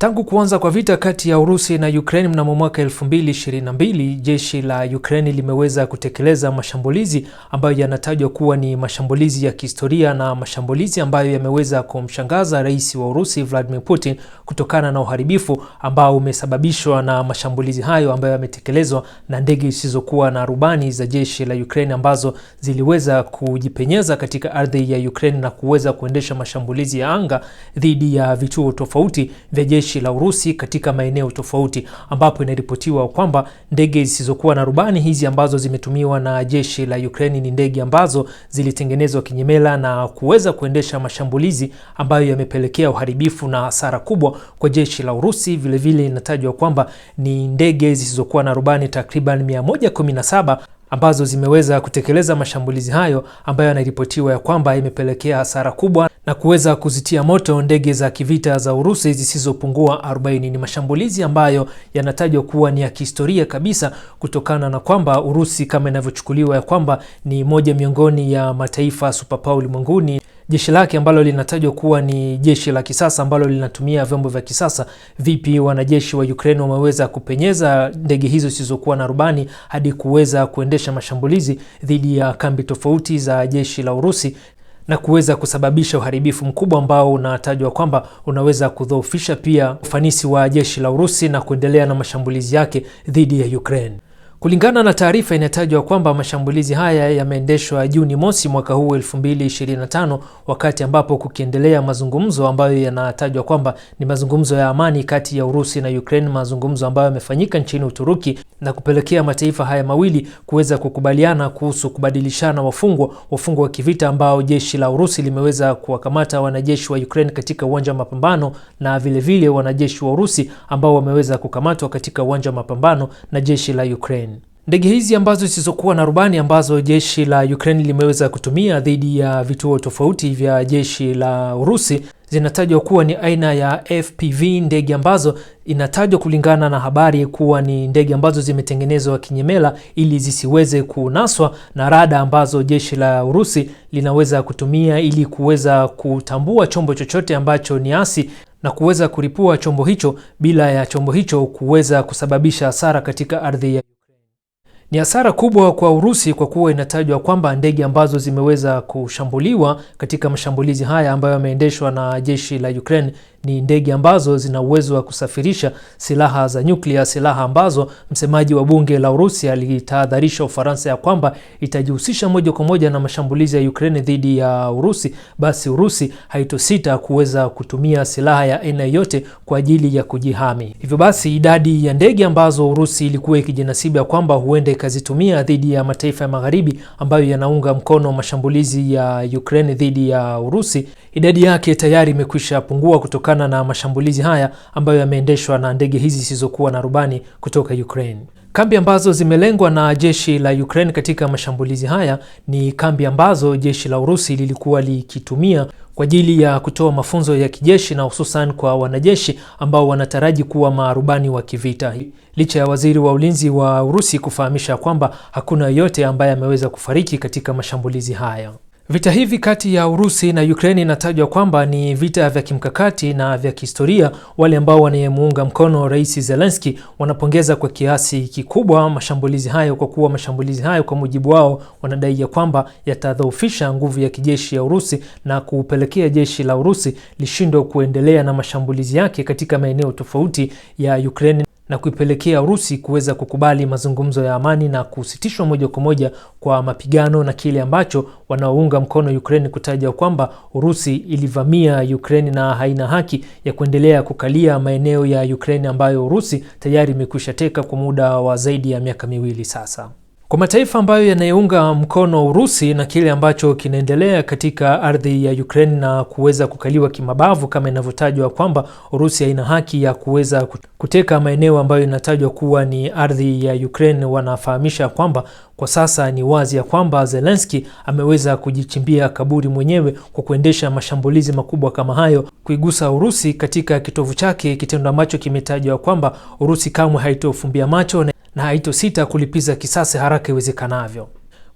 Tangu kuanza kwa vita kati ya Urusi na Ukraine mnamo mwaka 2022, jeshi la Ukraine limeweza kutekeleza mashambulizi ambayo yanatajwa kuwa ni mashambulizi ya kihistoria na mashambulizi ambayo yameweza kumshangaza Rais wa Urusi Vladimir Putin kutokana na uharibifu ambao umesababishwa na mashambulizi hayo ambayo yametekelezwa na ndege zisizokuwa na rubani za jeshi la Ukraine ambazo ziliweza kujipenyeza katika ardhi ya Ukraine na kuweza kuendesha mashambulizi ya anga dhidi ya vituo tofauti vya jeshi jeshi la Urusi katika maeneo tofauti, ambapo inaripotiwa kwamba ndege zisizokuwa na rubani hizi ambazo zimetumiwa na jeshi la ukraini ni ndege ambazo zilitengenezwa kinyemela na kuweza kuendesha mashambulizi ambayo yamepelekea uharibifu na hasara kubwa kwa jeshi la Urusi. Vilevile inatajwa kwamba ni ndege zisizokuwa na rubani takriban 117 ambazo zimeweza kutekeleza mashambulizi hayo ambayo yanaripotiwa ya kwamba imepelekea hasara kubwa na kuweza kuzitia moto ndege za kivita za Urusi zisizopungua 40. Ni mashambulizi ambayo yanatajwa kuwa ni ya kihistoria kabisa kutokana na kwamba Urusi kama inavyochukuliwa ya kwamba ni moja miongoni ya mataifa superpower ulimwenguni jeshi lake ambalo linatajwa kuwa ni jeshi la kisasa ambalo linatumia vyombo vya kisasa. Vipi wanajeshi wa Ukraine wameweza kupenyeza ndege hizo zisizokuwa na rubani hadi kuweza kuendesha mashambulizi dhidi ya kambi tofauti za jeshi la Urusi na kuweza kusababisha uharibifu mkubwa ambao unatajwa kwamba unaweza kudhoofisha pia ufanisi wa jeshi la Urusi na kuendelea na mashambulizi yake dhidi ya Ukraine. Kulingana na taarifa, inatajwa kwamba mashambulizi haya yameendeshwa Juni mosi mwaka huu 2025 wakati ambapo kukiendelea mazungumzo ambayo yanatajwa kwamba ni mazungumzo ya amani kati ya Urusi na Ukraine, mazungumzo ambayo yamefanyika nchini Uturuki na kupelekea mataifa haya mawili kuweza kukubaliana kuhusu kubadilishana wafungwa, wafungwa wa kivita ambao jeshi la Urusi limeweza kuwakamata wanajeshi wa Ukraine katika uwanja wa mapambano na vilevile vile wanajeshi wa Urusi ambao wameweza kukamatwa katika uwanja wa mapambano na jeshi la Ukraine. Ndege hizi ambazo zisizokuwa na rubani ambazo jeshi la Ukraine limeweza kutumia dhidi ya vituo tofauti vya jeshi la Urusi zinatajwa kuwa ni aina ya FPV, ndege ambazo inatajwa kulingana na habari kuwa ni ndege ambazo zimetengenezwa kinyemela ili zisiweze kunaswa na rada ambazo jeshi la Urusi linaweza kutumia ili kuweza kutambua chombo chochote ambacho ni asi na kuweza kuripua chombo hicho bila ya chombo hicho kuweza kusababisha hasara katika ardhi ya ni hasara kubwa kwa Urusi kwa kuwa inatajwa kwamba ndege ambazo zimeweza kushambuliwa katika mashambulizi haya ambayo yameendeshwa na jeshi la Ukraine ni ndege ambazo zina uwezo wa kusafirisha silaha za nyuklia, silaha ambazo msemaji wa bunge la Urusi alitahadharisha Ufaransa ya kwamba itajihusisha moja kwa moja na mashambulizi ya Ukraine dhidi ya Urusi, basi Urusi haitosita kuweza kutumia silaha ya aina yoyote kwa ajili ya kujihami. Hivyo basi idadi ya ndege ambazo Urusi ilikuwa ikijinasibu ya kwamba huenda ikazitumia dhidi ya mataifa ya magharibi ambayo yanaunga mkono mashambulizi ya Ukraine dhidi ya Urusi, idadi yake tayari imekwisha pungua kutoka kutokana na mashambulizi haya ambayo yameendeshwa na ndege hizi zisizokuwa na rubani kutoka Ukraine. Kambi ambazo zimelengwa na jeshi la Ukraine katika mashambulizi haya ni kambi ambazo jeshi la Urusi lilikuwa likitumia kwa ajili ya kutoa mafunzo ya kijeshi na hususan kwa wanajeshi ambao wanataraji kuwa marubani wa kivita, licha ya waziri wa ulinzi wa Urusi kufahamisha kwamba hakuna yoyote ambaye ameweza kufariki katika mashambulizi haya. Vita hivi kati ya Urusi na Ukraine inatajwa kwamba ni vita vya kimkakati na vya kihistoria. Wale ambao wanayemuunga mkono Rais Zelensky wanapongeza kwa kiasi kikubwa mashambulizi hayo kwa kuwa mashambulizi hayo kwa mujibu wao wanadai ya kwamba yatadhoofisha nguvu ya kijeshi ya Urusi na kupelekea jeshi la Urusi lishindwe kuendelea na mashambulizi yake katika maeneo tofauti ya Ukraine na kuipelekea Urusi kuweza kukubali mazungumzo ya amani na kusitishwa moja kwa moja kwa mapigano na kile ambacho wanaounga mkono Ukraine kutaja kwamba Urusi ilivamia Ukraine na haina haki ya kuendelea kukalia maeneo ya Ukraine ambayo Urusi tayari imekwisha teka kwa muda wa zaidi ya miaka miwili sasa. Kwa mataifa ambayo yanayounga mkono Urusi na kile ambacho kinaendelea katika ardhi ya Ukraine na kuweza kukaliwa kimabavu kama inavyotajwa kwamba Urusi haina haki ya kuweza kuteka maeneo ambayo inatajwa kuwa ni ardhi ya Ukraine, wanafahamisha kwamba kwa sasa ni wazi ya kwamba Zelensky ameweza kujichimbia kaburi mwenyewe kwa kuendesha mashambulizi makubwa kama hayo kuigusa Urusi katika kitovu chake, kitendo ambacho kimetajwa kwamba Urusi kamwe haitofumbia macho na na haitosita kulipiza kisasi haraka iwezekanavyo.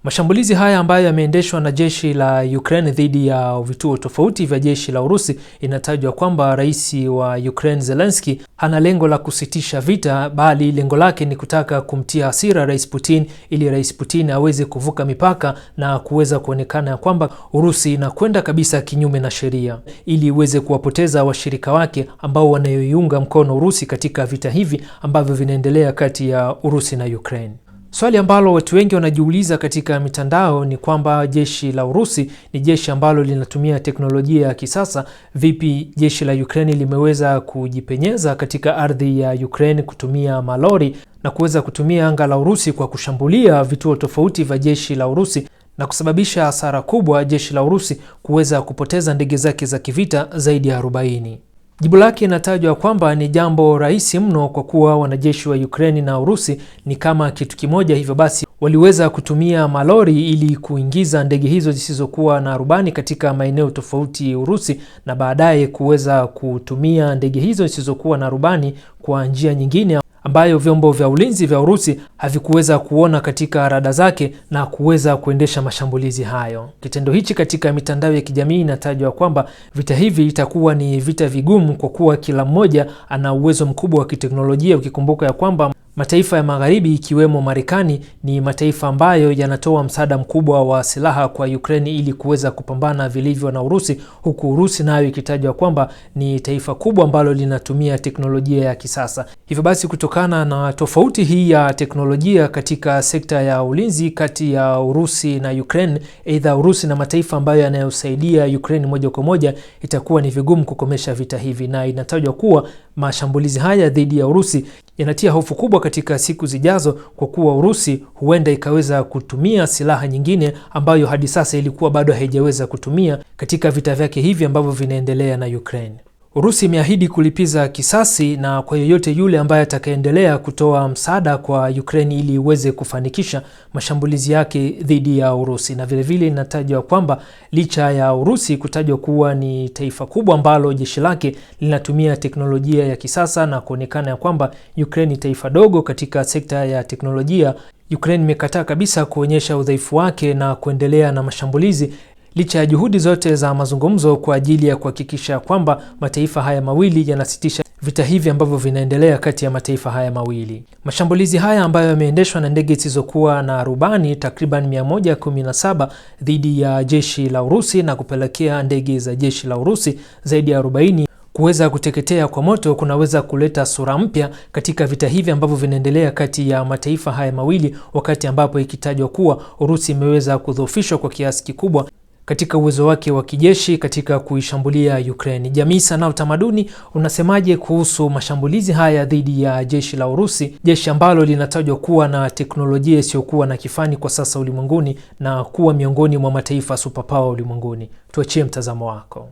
Mashambulizi haya ambayo yameendeshwa na jeshi la Ukraine dhidi ya vituo tofauti vya jeshi la Urusi, inatajwa kwamba rais wa Ukraine Zelensky hana lengo la kusitisha vita, bali lengo lake ni kutaka kumtia hasira Rais Putin ili Rais Putin aweze kuvuka mipaka na kuweza kuonekana ya kwamba Urusi inakwenda kabisa kinyume na sheria, ili iweze kuwapoteza washirika wake ambao wanayoiunga mkono Urusi katika vita hivi ambavyo vinaendelea kati ya Urusi na Ukraine. Swali ambalo watu wengi wanajiuliza katika mitandao ni kwamba jeshi la Urusi ni jeshi ambalo linatumia teknolojia ya kisasa. Vipi jeshi la Ukraine limeweza kujipenyeza katika ardhi ya Ukraine kutumia malori na kuweza kutumia anga la Urusi kwa kushambulia vituo tofauti vya jeshi la Urusi na kusababisha hasara kubwa, jeshi la Urusi kuweza kupoteza ndege zake za kivita zaidi ya 40. Jibu lake inatajwa kwamba ni jambo rahisi mno kwa kuwa wanajeshi wa Ukraini na Urusi ni kama kitu kimoja, hivyo basi waliweza kutumia malori ili kuingiza ndege hizo zisizokuwa na rubani katika maeneo tofauti Urusi, na baadaye kuweza kutumia ndege hizo zisizokuwa na rubani kwa njia nyingine ambayo vyombo vya ulinzi vya Urusi havikuweza kuona katika rada zake na kuweza kuendesha mashambulizi hayo. Kitendo hichi katika mitandao ya kijamii inatajwa kwamba vita hivi itakuwa ni vita vigumu, kwa kuwa kila mmoja ana uwezo mkubwa wa kiteknolojia, ukikumbuka ya kwamba Mataifa ya Magharibi ikiwemo Marekani ni mataifa ambayo yanatoa msaada mkubwa wa silaha kwa ukreni ili kuweza kupambana vilivyo na Urusi, huku Urusi nayo ikitajwa kwamba ni taifa kubwa ambalo linatumia teknolojia ya kisasa. Hivyo basi, kutokana na tofauti hii ya teknolojia katika sekta ya ulinzi kati ya Urusi na Ukraine, aidha Urusi na mataifa ambayo yanayosaidia Ukraine moja kwa moja, itakuwa ni vigumu kukomesha vita hivi, na inatajwa kuwa mashambulizi haya dhidi ya Urusi yanatia hofu kubwa katika siku zijazo, kwa kuwa Urusi huenda ikaweza kutumia silaha nyingine ambayo hadi sasa ilikuwa bado haijaweza kutumia katika vita vyake hivi ambavyo vinaendelea na Ukraine. Urusi imeahidi kulipiza kisasi na kwa yoyote yule ambaye atakayeendelea kutoa msaada kwa Ukraine ili iweze kufanikisha mashambulizi yake dhidi ya Urusi. Na vilevile inatajwa kwamba licha ya Urusi kutajwa kuwa ni taifa kubwa ambalo jeshi lake linatumia teknolojia ya kisasa na kuonekana ya kwamba Ukraine ni taifa dogo katika sekta ya teknolojia, Ukraine imekataa kabisa kuonyesha udhaifu wake na kuendelea na mashambulizi licha ya juhudi zote za mazungumzo kwa ajili ya kuhakikisha kwamba mataifa haya mawili yanasitisha vita hivi ambavyo vinaendelea kati ya mataifa haya mawili. Mashambulizi haya ambayo yameendeshwa na ndege zisizokuwa na rubani takriban 117 dhidi ya jeshi la Urusi na kupelekea ndege za jeshi la Urusi zaidi ya 40 kuweza kuteketea kwa moto kunaweza kuleta sura mpya katika vita hivi ambavyo vinaendelea kati ya mataifa haya mawili, wakati ambapo ikitajwa kuwa Urusi imeweza kudhoofishwa kwa kiasi kikubwa katika uwezo wake wa kijeshi katika kuishambulia Ukraine. Jamii, sanaa, utamaduni, unasemaje kuhusu mashambulizi haya dhidi ya jeshi la Urusi, jeshi ambalo linatajwa kuwa na teknolojia isiyokuwa na kifani kwa sasa ulimwenguni na kuwa miongoni mwa mataifa superpower ulimwenguni? Tuachie mtazamo wako.